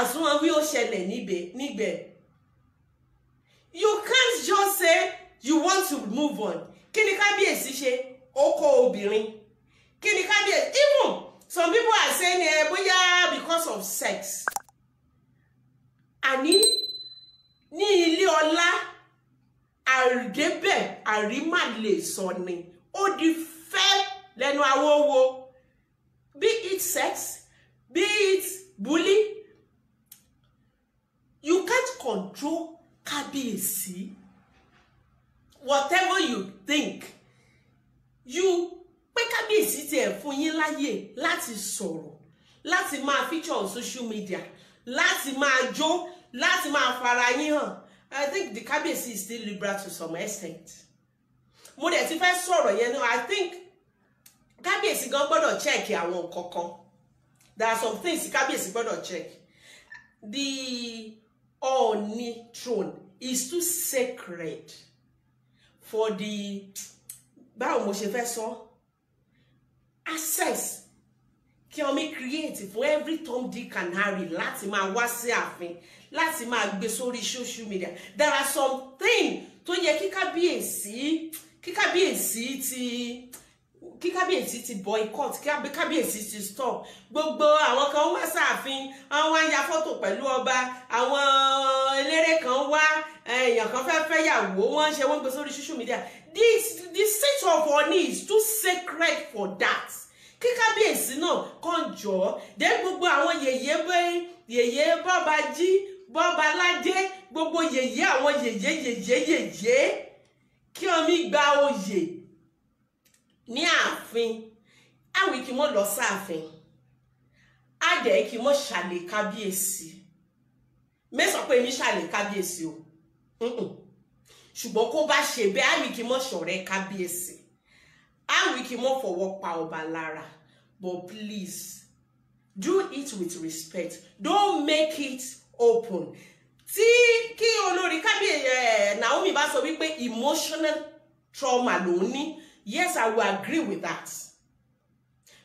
àsúnwọ̀n ó ṣẹlẹ̀ níbẹ̀ you can't just say you want to move on kí ni kábíyèsí ṣe ó kọ obìnrin kí ni kábíyèsí even some people are saying ẹ eh, bóyá because of sex àní ní ilé ọlá àrídébẹ̀ àrímàlè sọ ni ó di fẹ́ lẹ́nu awọ́wọ́ be it sex be it bully control kábíyèsí whatever you think you pé kábíyèsí tiẹ̀ fún yín láyè láti sọ̀rọ̀ láti máa feature on social media láti máa jó láti máa fara yín hàn I think the kábíyèsí is still liberal to some extent mo dẹ̀ ti fẹ́ sọ̀rọ̀ yẹn náà I think kábíyèsí gan gbọ́dọ̀ check àwọn kankan there are some things kábíyèsí gbọ́dọ̀ check the the throne is too sacred for the báwo mo ṣe fẹ́ sọ access kí ọmọ create for every Tom Dick and Harry láti máa wá sí ààfin láti máa gbé sórí social media there are some things tó yẹ kí kábíyèsí kí kábíyèsí ti kí kábíyèsí ti boycott kí kábíyèsí ti stop gbogbo àwọn kan wá sáàfin àwọn wá ń ya fọ́tò pẹ̀lú ọba àwọn eléré kan wá èèyàn kan fẹ́ fẹ́yàwó wọ́n ń ṣe wọ́n gbé sórí social media this the seat of Ọọ̀ni is too sacred for that kí kábíyèsí náà kàn jọ dé gbogbo àwọn yèyé bẹ́ẹ̀ yèyé bọ́ba jí bọ́ba ládé gbogbo yèyé àwọn yèyé yèyé yèyé kí omi gba oyè ní ààfin àwì kí mo lọ sáàfin àdẹ̀ kí mo ṣàlè kábíyèsí mẹ́sàn pé mi ṣàlè kábíyèsí o ṣùgbọ́n kó bá ṣe bẹ́ẹ̀ àwì kí mo ṣọ̀rẹ́ kábíyèsí àwì kí mo fọwọ́ pa ọba lára but please do it with respect don't make it open tí kí olórí kábíyèsí eh, Naomi bá sọ wípé emotional trauma ló ní yes i will agree with that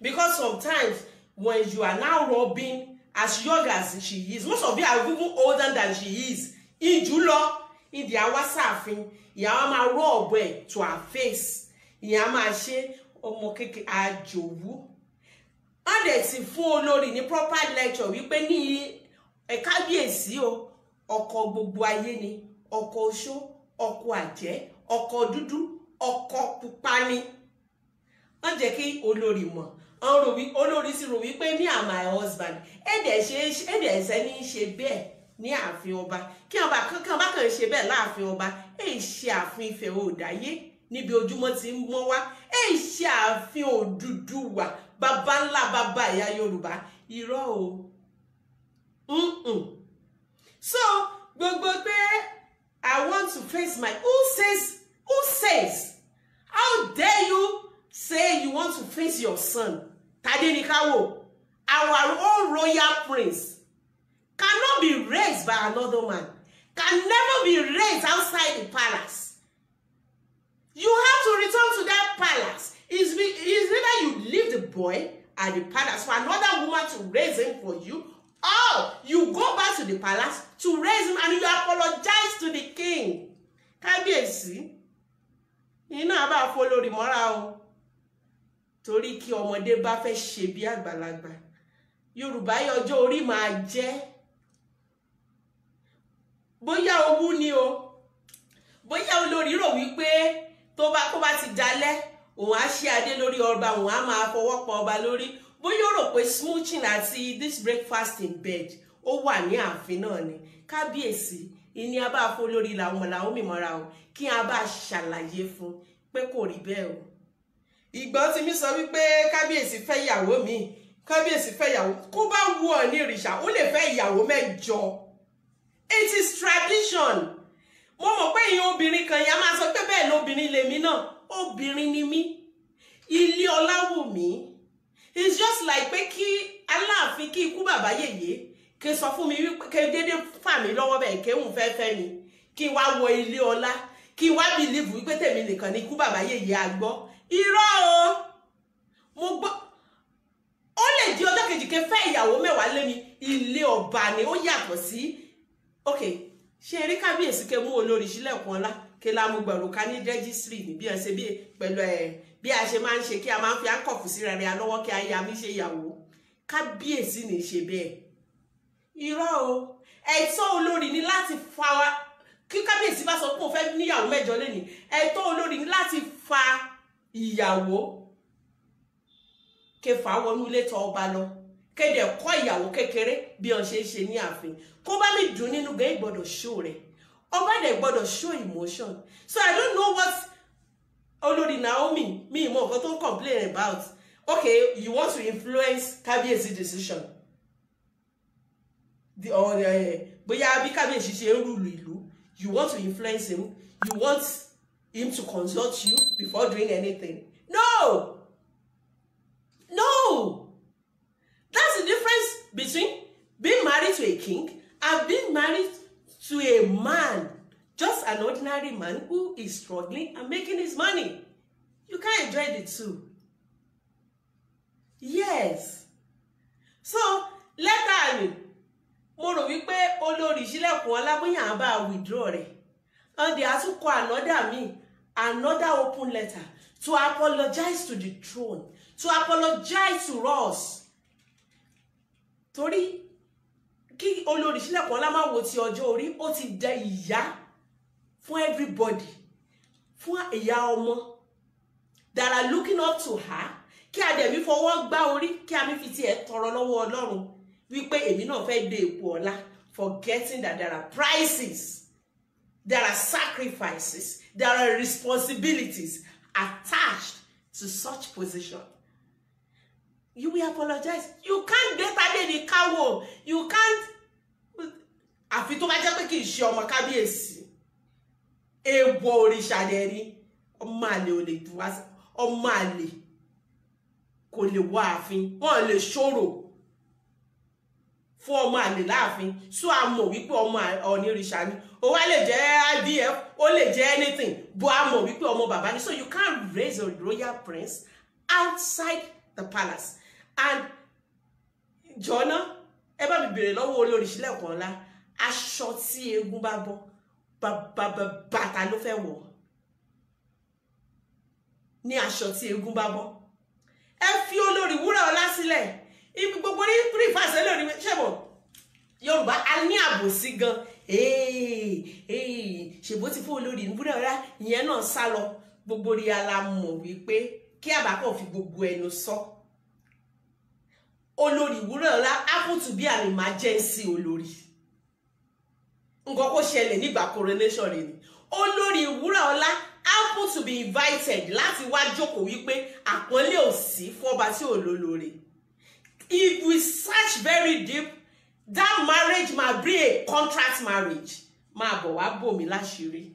because sometimes when you are now rubbing as young as she is most of you are even older than she is In injulọ in the hour surfing, you are my rub to her face You are my she kékeré àjòwú wọ́n dẹ̀ ti fún olórí ní proper lecture wípé ní kábíyèsí o ọkọ gbogbo ayé ni ọkọ oṣó ọkọ àjẹ́ ọkọ dúdú ọkọ pupa ni wọ́n jẹ́ kí olórí mọ̀ olórí sì rò wípé me and my husband ẹ̀dẹ̀ ẹ̀sẹ̀ ní ṣe bẹ́ẹ̀ ní ààfin ọba kí ọba kankan bá kàn ṣe bẹ́ẹ̀ láàfin ọba èyí ṣe ààfin Ifẹ̀ òdáyé níbi ojúmọ́ ti ń mọ́ wá èyí ṣe ààfin Odùduwà bàbá ńlá bàbá ìyá Yorùbá irọ́ o so gbogbo pé I want to face my who says Who says? How dare you say you want to face your son, Tadenikawo, our own royal prince, cannot be raised by another man, can never be raised outside the palace. You have to return to that palace. It's, it's either you leave the boy at the palace for another woman to raise him for you, or you go back to the palace to raise him and you apologize to the king. Can be Kábíyèsí iná bá folórí mọ́ra o torí kí ọmọdé bá fẹ́ ṣe bí àgbàlagbà yorùbá ọjọ́ orí máa jẹ́ bóyá owú ni o bóyá olórí rò wípé tó bá kó bá ti dalẹ̀ òun á ṣe adé lórí ọba òun á máa fọwọ́ pa ọba lórí bóyá ó rò pé smooching àti this breakfast in bed ó wà ní ààfin náà ni kábíyèsí ìní a bá fún lórí làwọn làwọn mìmọ́ra o kí a bá ṣàlàyé fún pé kò rí bẹ́ẹ̀ o. ìgbọ́n ti mi sọ wípé kábíyèsí fẹ́ ìyàwó mi kábíyèsí fẹ́ ìyàwó kó bá wù ọ́ ní ìrìṣà ó lè fẹ́ ìyàwó mẹ́jọ it is tradition mo mọ̀ pé ìyẹn obìnrin kan yẹn a máa sọ pé bẹ́ẹ̀ lóbìnrin lèmi náà obìnrin ni mí ilé ọlá wù mí it's just like pé kí aláàfin kí ikú bàbá yèyé ké sọ fún mi wípé ké dédé fà mí lọ́wọ́ bẹ́ẹ̀ kéhùn fẹ́fẹ́ mi kí n wá wọ ilé ọlá kí n wá bìlíìfù wípé tèmi nìkan ni ikú bàbá yèyé àgbọ́ irọ́ o mo gbọ́ ó lè di ọjọ́ kejì ké fẹ́ ìyàwó mẹ́wàá lé mi ilé ọba ni ó yàtọ̀ sí ok ṣe eré kábíyèsí ké mú olórí sílẹ̀kùn ọlá ké lámú gbọ̀rọ̀ ká ní rẹ́gísírì ní bí ẹ ṣe bí pẹ̀lú ẹ̀ bí a ṣe máa ń ṣe kí a máa ń fi ákọ̀fù sí rẹ̀ rẹ̀ alọ́wọ́ kí a yà mí ṣe ìyàwó kábíyèsí ní ṣe bẹ́ẹ̀ irọ́ o ẹ̀tọ́ olórí ni láti fa kí kábíyèsí bá sọ pé òun fẹ́ níyàwó mẹ́jọ lẹ́ni ẹ̀tọ́ olórí ni láti fa ìyàwó kẹfà wọnú ilé tọ ọba lọ kéde kọ ìyàwó kékeré bí wọn ṣe ń ṣe ní ààfin kó bá lè dùn nínú gẹ ìgbọ́dọ̀ show rẹ ọba dẹ gbọ́dọ̀ show emotion so i don't know what olórí Naomi mi ìmọ̀ nǹkan tó ń complain about okay you want to influence kábíyèsí decision The bóyá bí kábíyèsí ṣe ń rúlu ìlú you want to influence him you want him to consult you before doing anything no no that's the difference between being married to a king and being married to a man just an ordinary man who is struggling and making his money you can't enjoy the two yes so let I mean mo rò wípé olórí ìṣílẹ̀kùn ọlábóyà á a withdraw rẹ̀ ọ̀dẹ̀ á tún kọ another me, another open letter to apologize to the throne to apologize to us torí kí olórí ìṣílẹ̀kùn ọlá máa wo ti ọjọ́ orí ó ti dẹ ìyá fún everybody fún ìyá ọmọ that are looking up to her kí a dẹ̀ mi fọwọ́ gbá orí kí a mi fi tiẹ̀ tọrọ lọ́wọ́ ọlọ́run wípé èmi náà fẹ́ dé ipò for forgetting that there are prices there are sacrifices there are responsibilities attached to such position you will apologize you can't get adeni kawo you can't àfi tó bá jẹ́ pé kì í ṣe ọmọ kábíyèsí èèwọ̀ òrìṣà dẹ̀ ni ọmọ àlè ò lè ọmọ àlè kò lè wá ààfin wọn lè ṣòro fún ọmọ àlè láàfin so a mọ̀ wípé ọmọ onírìṣà ni ó wá lè jẹ́ IVF ó lè jẹ́ anything bó a mọ̀ wípé ọmọ bàbá ni so you can't raise a royal prince outside the palace and jọ̀ọ́nà ẹ bá mi bèrè lọ́wọ́ olórí sílẹ̀ kan ọ̀la aṣọ tí eégún bá bọ́ bàtà ló fẹ́ wọ̀ ní aṣọ tí eégún bá bọ́ ẹ fi olórí wúrà ọlá sílẹ̀. Si ibi gbogbo ní rí ìfàsẹ́ lórí ṣẹ́bọ̀ yorùbá a ní àbòsí gan ṣèbó ti fún olórí ìbúrẹ́ ọ̀rá ìyẹn náà sá lọ gbogbo rí alamọ̀ wípé kí àbákọ̀ fi gbogbo ẹnu sọ olórí ìwúrẹ́ ọ̀rá happen to be an emergency olórí nǹkan kó ṣẹlẹ̀ nígbà coronation rẹ̀ ni olórí ìwúrẹ́ ọ̀rá happen to be invited láti wá jókòó wípé àpọ́nlé ò sí fọ́ba tí ò lólórí if we search very deep that marriage ma be a contract marriage máa bọ̀ wá bòmí láṣìírí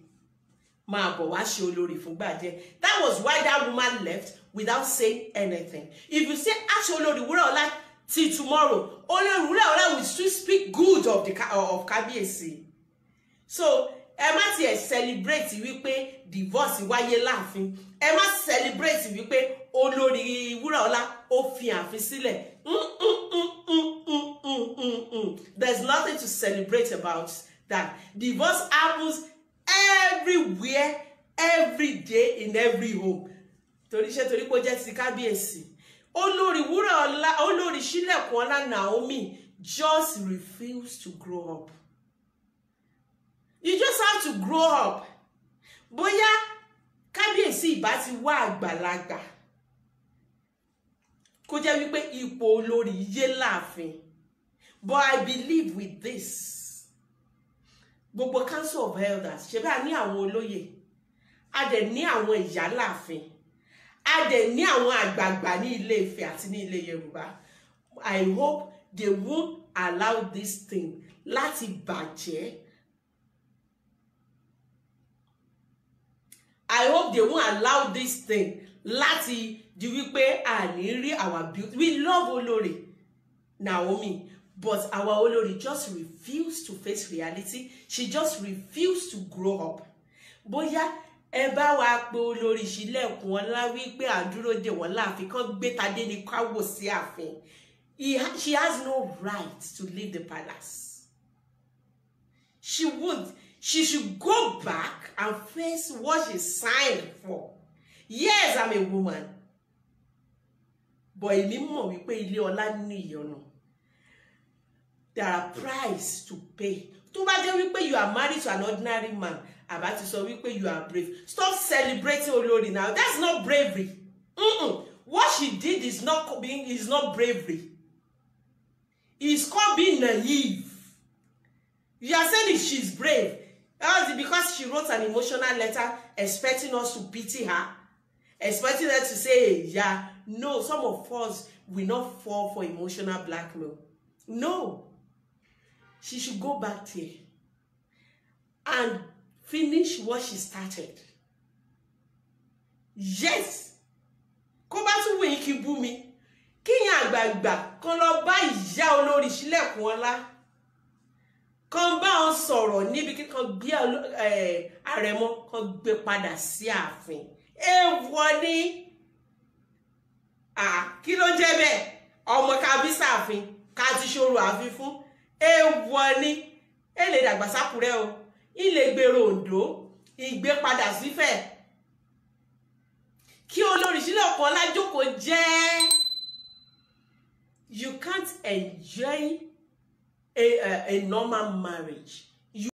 máa bọ̀ wá ṣe olórí fúngbà díẹ̀ that was why that woman left without saying anything if you say aṣọ olórí wúrà ọlá till tomorrow only wúrà ọlá will still speak good of the of kábíyèsí so ẹ má tiẹ̀ celebrate wípé divorce wáyé láàfin ẹ má celebrate wípé olórí Wúràọlá ó fi ààfin sílẹ̀ mm, mm, mm, there's nothing to celebrate about that divorce happens everywhere every day in every home torí ṣé torí pé ó jẹ́ ti kábíyèsí olórí Wúràọlá olórí Sílẹ̀kùnọlá Naomi just refuse to grow up you just have to grow up bóyá kábíyèsí ìbá ti wá àgbàlagbà kó jẹ́ wípé ipò olórí yé láàfin but i believe with this gbogbo council of elders ṣe bá a ní àwọn olóyè a dẹ̀ ní àwọn ìyá láàfin a dẹ̀ ní àwọn àgbààgbà ní ilé Ifẹ̀ àti ní ilé Yorùbá i hope they won't allow this thing láti bàjẹ́ i hope they won't allow this thing láti di wípé àní rí our beauty we love Olori, Naomi but our Olori just refused to face reality she just refused to grow up bóyá ẹ bá wa pé olórí ṣílẹ̀kùn ọlá wípé àdúró dè wọ́n láàfin kan gbé tadé ní káwò sí ààfin she has no right to leave the palace she won't she should go back and face what she signed for yes i'm a woman but èmi mọ̀ wípé ilé ọlá nínú ìyọnu there are price to pay tó bá jẹ́ wípé you are married to an ordinary man àbá ti sọ wípé you are brave stop celebrating olórí now that's not bravery mm-mm. what she did is not being is not bravery it's called being naive you are saying she's brave That was because she wrote an emotional letter expecting us to pity her, expecting her to say, yeah, no, some of us will not fall for emotional blackmail. No. She should go back there and finish what she started. Yes. Kó bá tún wèé kí bú mi. Kíyàn àgbààgbà kan lọ bá ìyá olórí sílẹ̀kùn ọlá kan bá wọn sọ̀rọ̀ níbi kíkan gbé àrẹ̀mọ kan gbé padà sí ààfin èèwọ̀ ni kí ló jẹ́ bẹ́ẹ̀ ọmọ kábísà ààfin ká ti ṣòro ààfin fún èèwọ̀ ni èlè dàgbà sákúrẹ́ o ilé gbèrò Oǹdó ìgbé padà sífẹ̀ kí olórí sílẹ̀ kan lájókòó jẹ́ you can't enjoy a, a, a normal marriage